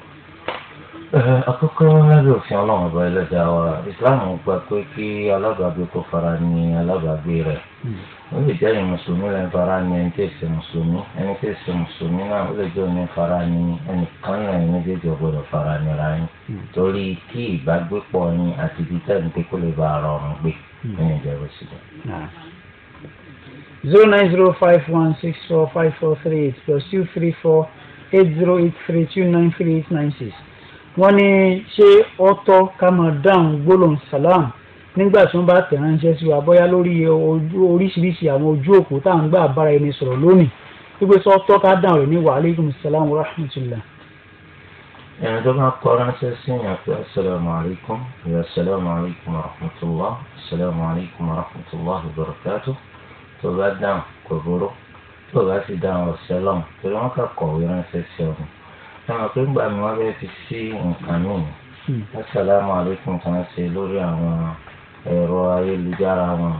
àkọ́kọ́ lábẹ́ òfin ọlọ́run ọba ẹlẹ́dàá wa islam gba pé kí alábàágbé kó fara ní alábàágbé rẹ̀ ó lè jẹ́ ẹ̀yin mùsùlùmí lẹ́nu fara ní ẹni tí èsì mùsùlùmí ẹni tí èsì mùsùlùmí náà ó lè jẹ́ òní fara ní ẹnìkan náà ẹni méjèèjì ọgbọ́dọ̀ fara nira yín torí kí ìbágbépọ̀ yín àti ibi tẹ́ ní pé kó lè bá ara ọ̀run gbé hmm. ẹni ìjẹ́rọ sí zero five one six four five four three plus two three four eight zero eight three two nine three eight nine six wọ́n ní ṣé ó tọ́ ká máa dáhùn gbólóhùn salam nígbà tí wọ́n bá tẹ̀ ránṣẹ́ sí wa bóyá lórí oríṣiríṣi àwọn ojú òpó tá à ń gbà bára ẹni sọ̀rọ̀ lónìí wípé sọ tọ́ ká dáhùn rẹ̀ ní wa alaikum salam wa rahmatullah. ẹ̀yin tó bá kọ́ ránṣẹ́ sí yàn pé asalaamu alaykum ya salaamu alaykum wa rahmatullah salaamu alaykum wa rahmatullah wa barakatuh tó bá dáhùn kò burú tó bá sì dáhùn ọ̀sẹ̀ lọ́hùn torí wọ́n kà kọ̀wé ránṣẹ́ sí ọ̀hún ẹnu pé gbà mí wọn bẹ́ẹ̀ fi sí nǹkan náà hmm. asalaamu aleykum kan ṣe lórí àwọn ẹ̀rọ ayélujára wọn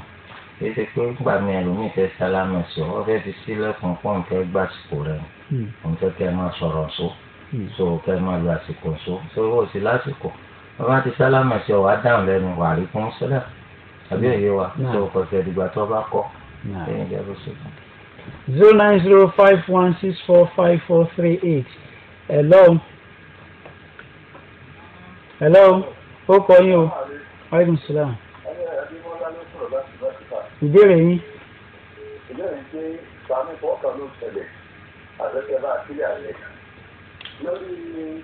èsì pé gbà mí ẹlòmíì fẹ́ sálámù ẹ̀sọ́ wọ́n fẹ́ fi sílẹ̀kùn pọ́ǹkẹ́ gbàsìkò rẹ̀ nǹkan hmm. kẹ́ ẹ máa sọ̀rọ̀ sọ hmm. so kẹ́ ẹ máa lo àsìkò sọ so wọ́n sì lásìkò wọ́n bá ti sálámù ẹ̀sọ́ wàá dáhùn lẹ́nu wàá rí fún sílẹ̀ àbí òye wa so kọ̀ọ̀kẹ́ ìdìgbà tó bá kọ́ ẹ̀yìn ìjẹ́bù sí. zero nine zero five one six four five four three eight. hello hello ó kọ yín o aleykum salaam ìbéèrè yín. ìbéèrè yín pé sàmì fọkàn ló ṣẹlẹ̀ àtẹ̀tẹ̀ bá àkílẹ̀ àlẹ́ lórí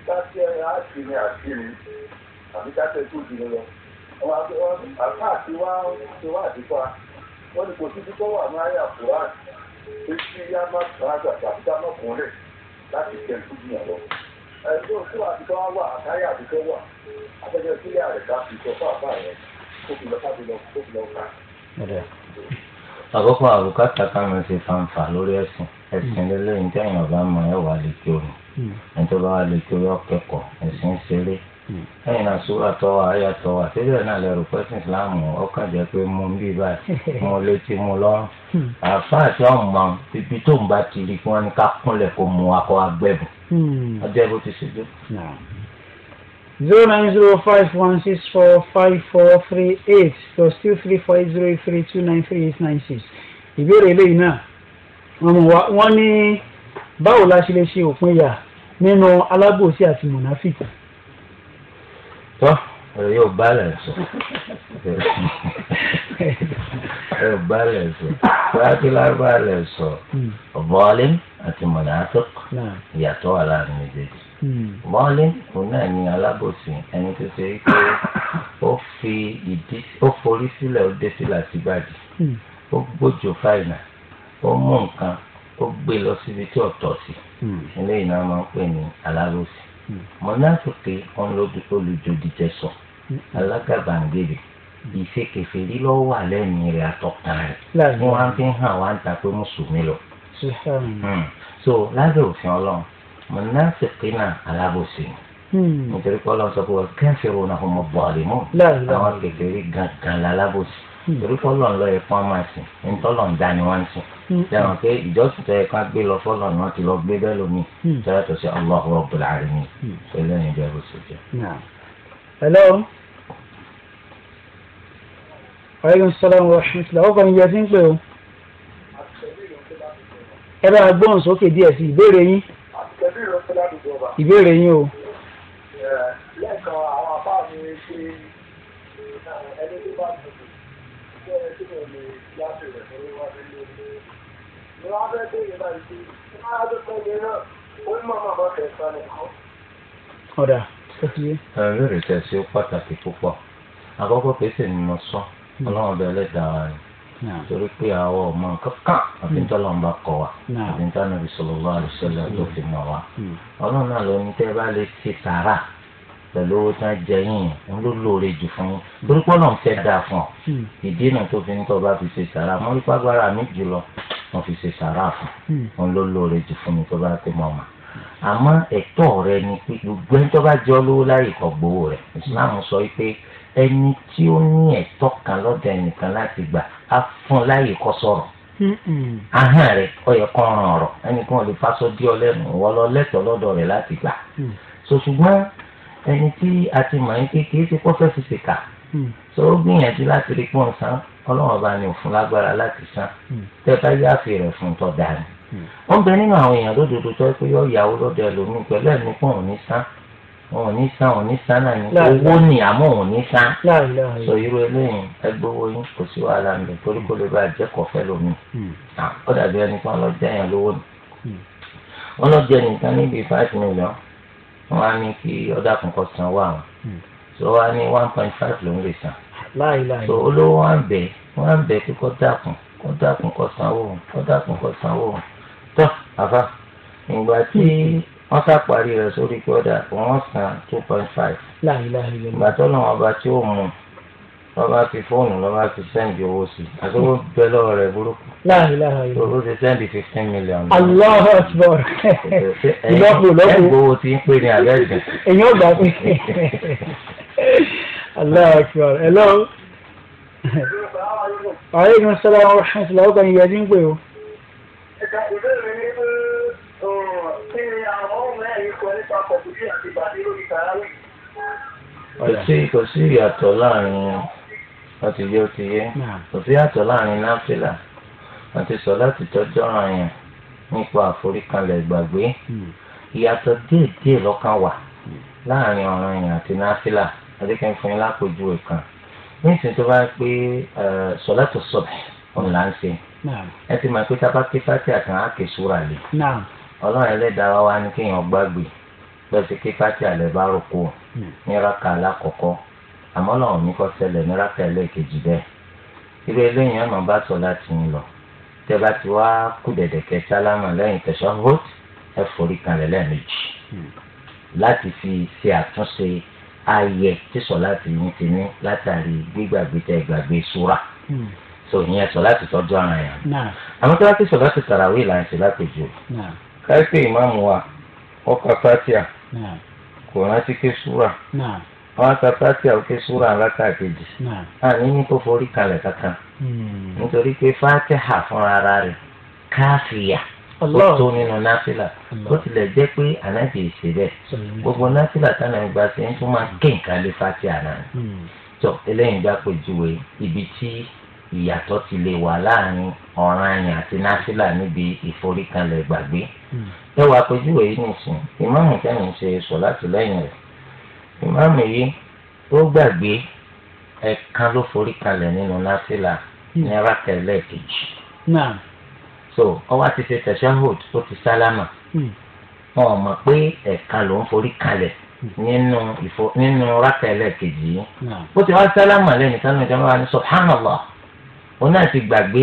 káṣẹ́ àṣìní àṣìní àbí káṣẹ́ tó jù lọ àpá àti wá ti wá àdìpá kò wà ní àyà yá má láti tẹ̀ ń fún yàn lọ. ẹ̀sùn fún àtijọ́ wà àtàyà àtijọ́ wà abẹ́jọ́ sílé àrẹ̀ ká fi sọ fún àbá rẹ̀ kó fi lọ sábẹ́ lọ kó fi lọ ká. àkókò àbùkátà káwọn ṣe fanfà lórí ẹ̀sìn ẹ̀sìn lélẹ́yìn tẹ̀yìn ọ̀bá mọ̀ ẹ̀ wà lè kí omi hmm. ẹ̀ńtọ́ bá wà lè kí omi ọ̀kẹ́kọ̀ọ́ ẹ̀sìn ṣeré lẹ́yìn hmm. náà sóra tọ́ wa ayọ̀ tọ́ wa síbẹ̀ náà lẹ́rù pẹ́sì ìsìláàmù ọkàn jẹ́ pé mo ń bí báyìí [LAUGHS] mo létí mo lọ́rùn hmm. àfáà tí wọ́n mọ ibi tó ń bá ti di kí wọ́n ká kúnlẹ̀ kó mu akọ agbẹ́bùn hmm. ọjọ́ ìbò ti ṣe dé. zero nine zero five one six four five four three eight plus two three four eight zero eight three two nine three eight nine six ìbéèrè eléyìí náà wọ́n ní báwo la ṣe lè ṣe òpin yà nínú alábòsí àti mùnáfíkì tó ọ̀rọ̀ yóò balance yóò balance fúlákì lárúbá rẹ̀ sọ bọ́ọ̀lìn àti mọ̀nàtọ́k ìyàtọ̀ wà láàrin méjèèjì bọ́ọ̀lìn òun náà ni alábòsí ẹni tó ṣe pé ó fi ìdí ó forí sílẹ̀ ó dé sílẹ̀ síbàdí ó gbójú fáìnà ó mú nǹkan ó gbé lọ síbi tí ọ̀tọ̀ sí eléyìí náà máa ń pè ní alábòsí. Hmm. mọ̀nàfìkì olùjòdìjẹ sọ hmm. alágàbàǹgèrè ìṣèkèfèrí lọ́wọ́ alẹ́ mi rẹ̀ àtọ̀kàn rẹ̀ ni wọ́n fi ń hàn wá ń ta pé mùsùlùmí lọ. Hmm. so lábẹ́ òfin ọlọ́run mọ̀nàfìkì náà alábòsí ni nítorí pé ọlọ́run sọ pé wọ́n kẹ́sìrò náà fún ọmọ bọ̀ọ̀lì mọ́ àwọn kékeré gangan lálábòsí. Hmm. torí fọlọ́n lọ yẹ pọ́n máa sìn ní tọ́lọ́n dá ni wọ́n ń sìn dẹ́wọ̀n hmm. pé ìjọsìn tó yẹ ká gbé lọ fọlọ́n ni wọ́n ti lọ gbé bẹ́ẹ̀ lómi tọ́lá hmm. tó ṣe Allahu Rabbul Alamin pẹ̀lú ẹ̀yìn bẹ́ẹ̀ ló ṣe jẹ́. hello aleykum salaam wa rahmatulah ọkọ mi yẹ sí ń pè o ẹ bá gbóhùn sókè díẹ̀ sí ìbéèrè yín ìbéèrè yín o. láti rẹ̀ lórí wá sí ilé ilé. Mo máa fẹ́ dé ìgbà ìdí, Ọ̀dà, ṣé kí yé? Ẹ̀rọ ìrìnsẹ̀ sí ó pàtàkì púpọ̀. Àkọ́kọ́ kìí ṣe sọ, hmm. ọlọ́run ọbẹ̀ ẹlẹ́dàá rẹ̀ hmm. torí pé àwọn ọmọ kankan àfintọ́lọ́ hmm. ń bá kọ wa àfintọ́lọ́ ń bí sallallahu alaihi tó fi mọ̀ wa ọlọ́run náà ló ní tẹ́ bá lè ṣe sàrà pẹ̀lú owó tán jẹ yín òun ló lóore jù fún yín torí pé ọlọ́run fẹ́ dáa fún ọ hmm. ìdí inú tó fi ń tọ́ bá fi ṣe sàrà mo rí pàgbára mi jù lọ mo fi ṣe sàrà fún òun hmm. ló lóore jù fún mi tó bá pé mọ́ ọmọ àmọ́ ẹ̀tọ́ rẹ ni pé gbogbo ẹni tó bá jẹ́ olówó láyè kọ́ gbowó rẹ̀ Islam sọ pé ẹni tí ó ní ẹ̀tọ́ kan lọ́dọ̀ ẹnìkan láti gbà á fún láyè kọ́ sọ̀rọ̀ hmm. ahọ́n rẹ̀ ó yẹ ràn ọ̀rọ̀ ẹnìkan ò lè fásọ dí ọ lẹ́nu lọ lẹ́tọ̀ọ́ lọ́dọ̀ rẹ̀ láti gbà so ṣùgbọ́n ẹni tí a ti mọ̀ ní kékeré ti kọ́ fẹ́ẹ́ fi ṣèkà tó o gbìyànjú láti rí pọ́n san ọlọ́run ọba ni òfun lágbára láti san hmm. tẹ́ bá yá fi rẹ̀ fún tọ́ da ni. Hmm. ó ń bẹ nínú àwọn èèyàn lódodo tó pé yọ ìyàwó lọ́dọ̀ ẹlòmíì pẹ̀lú ẹ̀mí pọ́n òní san òun ní san òun ní san náà ni owó ni àmọ́ òun ní san sọ irú eléyìí ẹgbówó yín kò sí wàhálà ń bẹ torí kò lè bá jẹ́kọ̀ọ́ fẹ́ lómi hmm. ah, ó dàbí ẹni kan lọ jẹ́yàn lówó ni wọ́n lọ jẹ́ nìkan níbi five million wọ́n á ní kí ọ̀dà kankan san owó àwọn hmm. so wọ́n á ní one point five ló ń lè san so olówó wa ń bẹ̀ wọ́n á ń bẹ̀ kí kọ́ dàkùn kọ́ dàkùn kọ́ sanwó kọ́ dàkùn kọ́ sanwó tó àfa ìgbà tí wọ́n sá parí rẹ̀ sórí kí ọ̀dà wọ́n san two point five ìgbà tó lọ́wọ́ ọba tí ó mú un wọ́n bá fi fóònù lọ́ bá fi sẹ́ǹdì owó sí i àtọ́wọ́ bẹ lọ́wọ́ rẹ̀ burúkú. owó ti sẹ́ǹdì fifteen million. Allahu Akbar. ìlọ́pù [LAUGHS] ìlọ́pù. ẹgbowó ti ń pè ní abẹ́ ìsìn. èyí ò gbà pé. Allahu Akbar. hello. aleykum salaam wa rahmatulah ọkọ ìyá ẹni ń pè o. ẹ̀ka ìbéèrè ní kí ni àwọn ọmọ ẹ̀yìn kan nípa kọ̀ọ̀kì àti ìbàdí lórí kàráwì. kò sí ìyàtọ̀ láàrin wọn. wọ́n ti yé ó ti yé kò àtọ̀ láàrin náfìlà àti sọ láti tọ́jú ọ̀ràn nípa àforíkalẹ̀ ìgbàgbé hmm. ìyàtọ̀ díẹ̀ lọ́kàn wà hmm. láàrin ọ̀ràn àti náfìlà adékẹ́ yín lápòjú ìkan nísìnyí tó bá pé sọ̀látò sọ̀bẹ̀ là ń pé tábà àtàn wa ni kéèyàn gbàgbé pẹ̀sì àlẹ́ bá rò hmm. kó àmọ́ làwọn ní kọ́ ṣẹlẹ̀ ní rákà ẹlẹ́ẹ̀kejì bẹ́ẹ̀ irú eléyìí ọ̀nà bá sọ láti ń lọ tẹ́ bá ti wá kú dẹ̀dẹ̀ kẹ́ sálámà lẹ́yìn tashahhud ẹ forí kanlẹ̀ lẹ́ẹ̀mejì láti fi ṣe àtúnṣe ayẹ tí sọ láti yín ti ní látàrí gbígbàgbé tẹ gbàgbé súra so ìyẹn sọ láti tọ́jú ara yẹn àmọ́ tí wọ́n ti sọ láti tàràwé ìlànà sí lápèjọ káyọ̀ pé ìmáàmù wa ọkọ̀ fatia kò rántí ké súra wọn sọ fásitì àwòké súra alákà kejì àní ní kó forí kalẹ̀ kankan hmm. nítorí pé fátíhà fúnra ara rẹ̀ káfíà ó tó nínú náfìlà ó tilẹ̀ jẹ́ pé ànájì ìṣe bẹ́ẹ̀ gbogbo náfìlà táwọn ìgbà ṣe ń tún máa ké nǹkan lé fátíhà náà hmm. tó eléyìí gbà pèjúwe ibi tí ìyàtọ̀ ti lè wà láàrin ọ̀ranyàn àti náfìlà níbi ìforíkanlẹ̀ gbàgbé hmm. ẹ wàá pèjúwe yìí nìsín ìmáàmù kẹ́mi ṣe sọ láti lẹ́yìn rẹ̀ ìmáàmù yìí ó gbàgbé ẹ̀ẹ̀kan ló forí kalẹ̀ nínú násìlà ní hmm. arákẹ́ ẹlẹ́ẹ̀kejì. so ọwọ́ àti ṣe tashahhud ó ti sálámà hmm. wọn ò mọ̀ pé ẹ̀ẹ̀kan ló ń forí kalẹ̀ hmm. nínú ìfọ nínú rákẹ́ ẹlẹ́ẹ̀kejì yìí ó ti wá sálámà lẹ́yìn tánú ìjọba wa ní subhanallah òun náà ti gbàgbé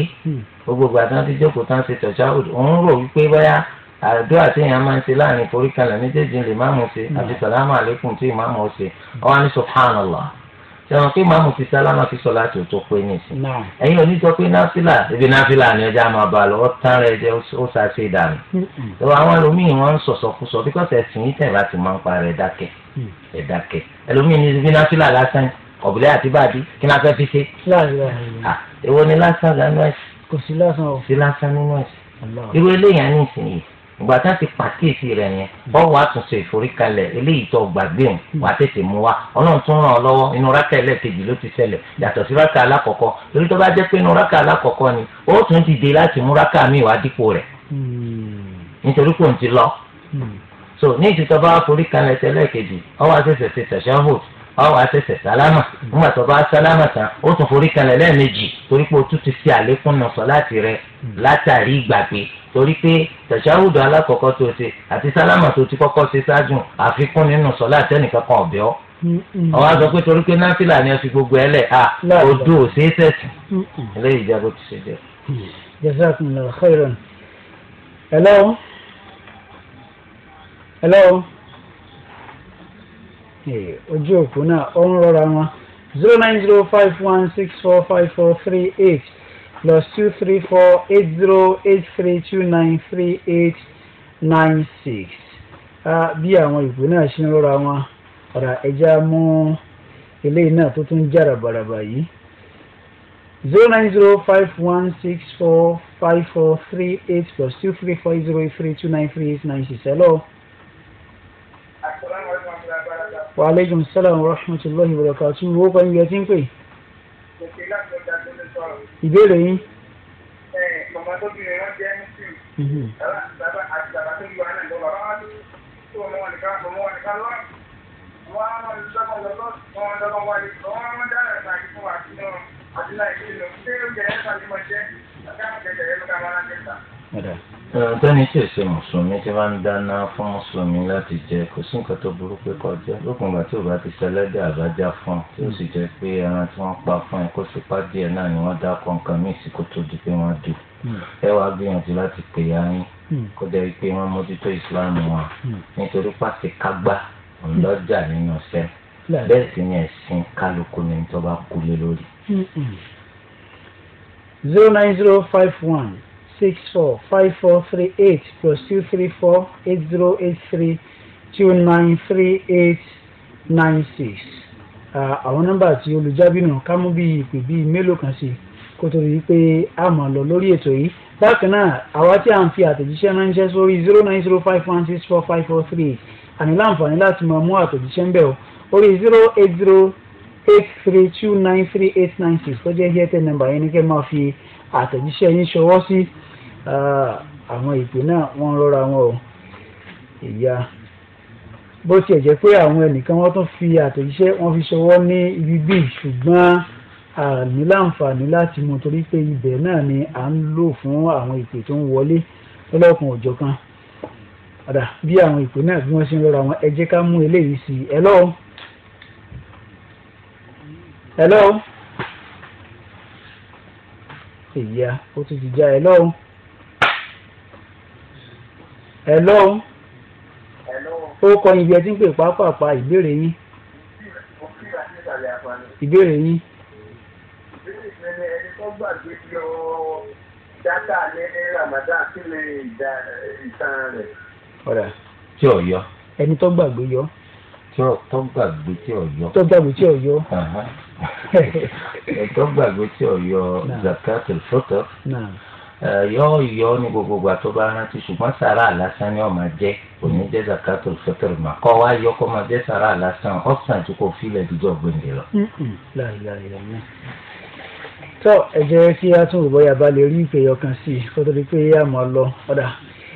gbogbo àti wọn ti jókòó tán ṣe tashahhud òun rò wípé báyà àdúrà tí èèyàn máa ń ṣe láàrin foríkalẹ̀ méjèèjì lè máàmù ṣe hmm. àti sàlámù àlékún tí ìmáàmù ó ṣe ọwọ́ ní subhanallah sẹ́wọ̀n kí ìmáàmù ti sálámà fi sọ láti òtó pé nìsín ẹ̀yin òní pé náfìlà ibi náfìlà ni ẹja máa bá lọ tán rẹ jẹ ó ṣàṣe ìdààmú ìwọ àwọn ẹlòmíín wọn ń sọ̀sọ̀kúsọ bíkọ́sì ẹ̀sìn yìí tẹ̀ láti máa ń pa rẹ̀ dákẹ́ hmm. ẹ̀ dákẹ́ ẹlòmíín ní ibi náfìlà lásán ọ̀bùlẹ̀ àti bàbí kí náà fẹ́ fi ṣe. èwo ni lásán lánàá ẹ̀sìn kò sí lásán nínú ẹ̀sìn irú ìgbà tí wọn ti pàkíyèsí rẹ yẹn bọ́ọ̀ wá tún ìforíkalẹ̀ eléyìí tó gbàgbé òun wà á tètè mú wa ọlọ́run tún ràn ọ́ lọ́wọ́ inú rákà ẹlẹ́ẹ̀kejì ló ti ṣẹlẹ̀ yàtọ̀ sí rákà alákọ̀ọ́kọ́ torí tó bá jẹ́ pé inú rákà alákọ̀ọ́kọ́ ni ó tún dìde láti mú rákà mi wá dípò rẹ̀ nítorí kò ti lọ. Hmm. Hmm. so ní ìtìtọ́ bá foríkalẹ̀ ẹlẹ́ẹ̀kejì ọwọ́ àṣẹṣẹ ṣe tẹ̀sán ọwọ́ àtẹ̀sẹ̀ sálámà nígbà tó bá sálámà tán ó tún forí kalẹ̀ lẹ́ẹ̀mejì torí pé o tún ti ṣe àlékún nà sọ́láàtì rẹ látàrí ìgbàgbé torí pé tàṣàhùdù alákọ̀ọ́kọ́ tó ṣe àti sálámà tó ti kọ́kọ́ ṣe ṣáájú àfikún nínú sọ́láàtì ẹnìkan kan ọ̀bẹ́ ọ́ ọwọ́ àgbà pé torí pé náfìlà ni ẹ fi gbogbo ẹ lẹ̀ à odò ò ṣeé tẹ̀sí eléyìí jẹ́ bó ti ṣe jẹ́. jazakumullahu khairan hello hello ojú òpó náà ó ń rọra wọn zero nine zero five one six four five four three eight plus two three four eight zero eight three two nine three eight nine six bí àwọn ìpè náà ṣe ń rọra wọn ọ̀rà ẹja mú eléyìí náà tó tún jára bàràbà yìí zero nine zero five one six four five four three eight plus two three four zero eight three two nine three eight nine six hello wa aleykum salaam wa rahmatulahi wa barakatuh wo kàn yẹ tí ń pè tẹ́ni tí èsè mùsùlùmí tí wọ́n ń dáná fún mùsùlùmí láti jẹ kò sí nǹkan tó burú pé kó jẹ lókun ìgbà tí ò bá ti ṣẹlẹ́dẹ̀ àbájá fún tí ó sì jẹ́ pé ẹran tí wọ́n pa fún ẹ kó sì pa díẹ̀ náà ni wọ́n dákọ̀ nǹkan míì sí kó tó di pé wọ́n dù hmm. ẹ wàá gbìyànjú láti pè ya yín hmm. kó jẹ́ pé wọ́n mójútó ìsìláàmù wọn hmm. nítorí pàṣẹ kágbá ọ̀ńdọ́jà nínú ọ̀sẹ̀ bẹ́ẹ̀ sì ni ẹ̀sìn kálukú ni tó bá kú lé lórí. zero nine zero five one six four five four three eight plus two three four eight zero eight three two nine three eight nine six. àwọn nọ́mbà tí olùjábìnà ká mú bíi ìpè bíi mélòó kan sí kó tó rí i pé a máa lọ lórí ètò yìí bákan náà àwa tí a ń fi àtẹ̀jíṣẹ́ ránṣẹ́ sórí zero nine zero five one six four five four three eight àní láǹfààní láti máa mú àtẹ̀jíṣẹ́ ń bẹ̀ o orí zero eight zero eight three two nine three eight nine six tó jẹ́ airtel number yẹn ni kẹ́ máa fi àtẹ̀jíṣẹ́ yín ṣọwọ́ sí eh, àwọn ìpè náà wọ́n ń rọra wọn o ìyá bó tiẹ̀ jẹ́ pé àwọn ẹnìkan wọ́n tún fi àtẹ̀jíṣẹ́ wọ́n fi ṣọwọ́ ní ibi bíi ṣùgbọ́n àní láǹfààní láti mú torí pé ibẹ̀ náà ni à ń lò fún àwọn ìpè tó ń wọlé lọ́lọ́kùn òjọ̀ kan padà bí àwọn ìpè náà bí wọ́n ṣe ń rọra wọn ẹ jẹ́ ká mú eléyìí sí i hello hello ìyá ó tún ti já ẹ lọ́hùn. ẹ lọ́hùn. ó kọ ibi ẹ ti ń pè pápápá ìbéèrè yín. ìbéèrè yín. ẹni tó gbàgbé yọ tó gbàgbé tí ọ̀yọ́. tó gbàgbé tí ọ̀yọ́. [LAUGHS] tó gbàgbé tí ọ̀yọ́ zakat al-fitr yọ yọ ní gbogbo ìgbà tó bá rántí ṣùgbọ́n sàrà lásán ni ó máa jẹ́ kò ní jẹ́ zakat al-fitr mà kọ́ wá yọ kó máa jẹ́ sàrà lásán ọ̀sán tí kò fílẹ̀ dídọ̀ gbòǹde lọ. tó ẹ jẹ́ kí a tún rò bóyá balẹ̀ rí ìpè yọkan sí i kó tó di pé a máa lọ ọ̀dà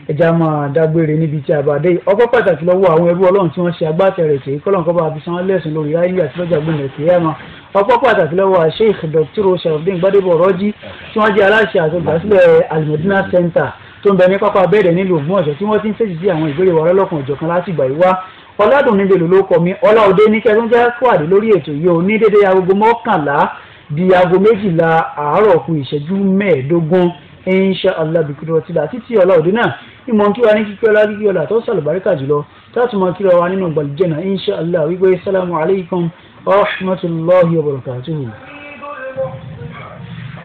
ẹja máa dágbére níbi tí a bá dé ọpẹ́ pàtàkì lọ́wọ́ àwọn ẹrú Ọlọ́run tí wọ́n ṣe agbátẹrẹ tèyí kọlọn kọba àbísàn lẹsùn lórí ráyé àti lọ́jà gbọmọ ètò yẹn mọ ọpẹ́ pàtàkì lọ́wọ́ Sheikh Dr. Sharafdin Gbadebo Ọrọjí tí wọ́n jẹ́ aláṣẹ àtọgbàsílẹ̀ Al-Medina Center tó ń bẹ ní pápá abẹ́ẹ̀dẹ̀ nílùú Ògbómọ̀ṣọ́ tí wọ́n ti ń fèsì àwọn ìbéèrè wa ọlọ́kan òjọ̀kan látìgbà yìí wá ọ̀làdùnmí bèlò ló kọ mi ọláòdé ní kẹtún jẹ́ kúàdé lórí ètò yìí ò ní déédéé aago mọ́kànlá di aago méjìlá àárọ̀ insha allah bikiri ọtí la títí ọlá òde náà ìmọ̀ kí wa ní kíkí ọlá kíkí ọlá tó sàlùbáríkà jùlọ táàtù mọ kí wa nínú gbàlùjẹ́nà insha allah wípé salamu alaykum wa rahmatulahi wa barakatuhu.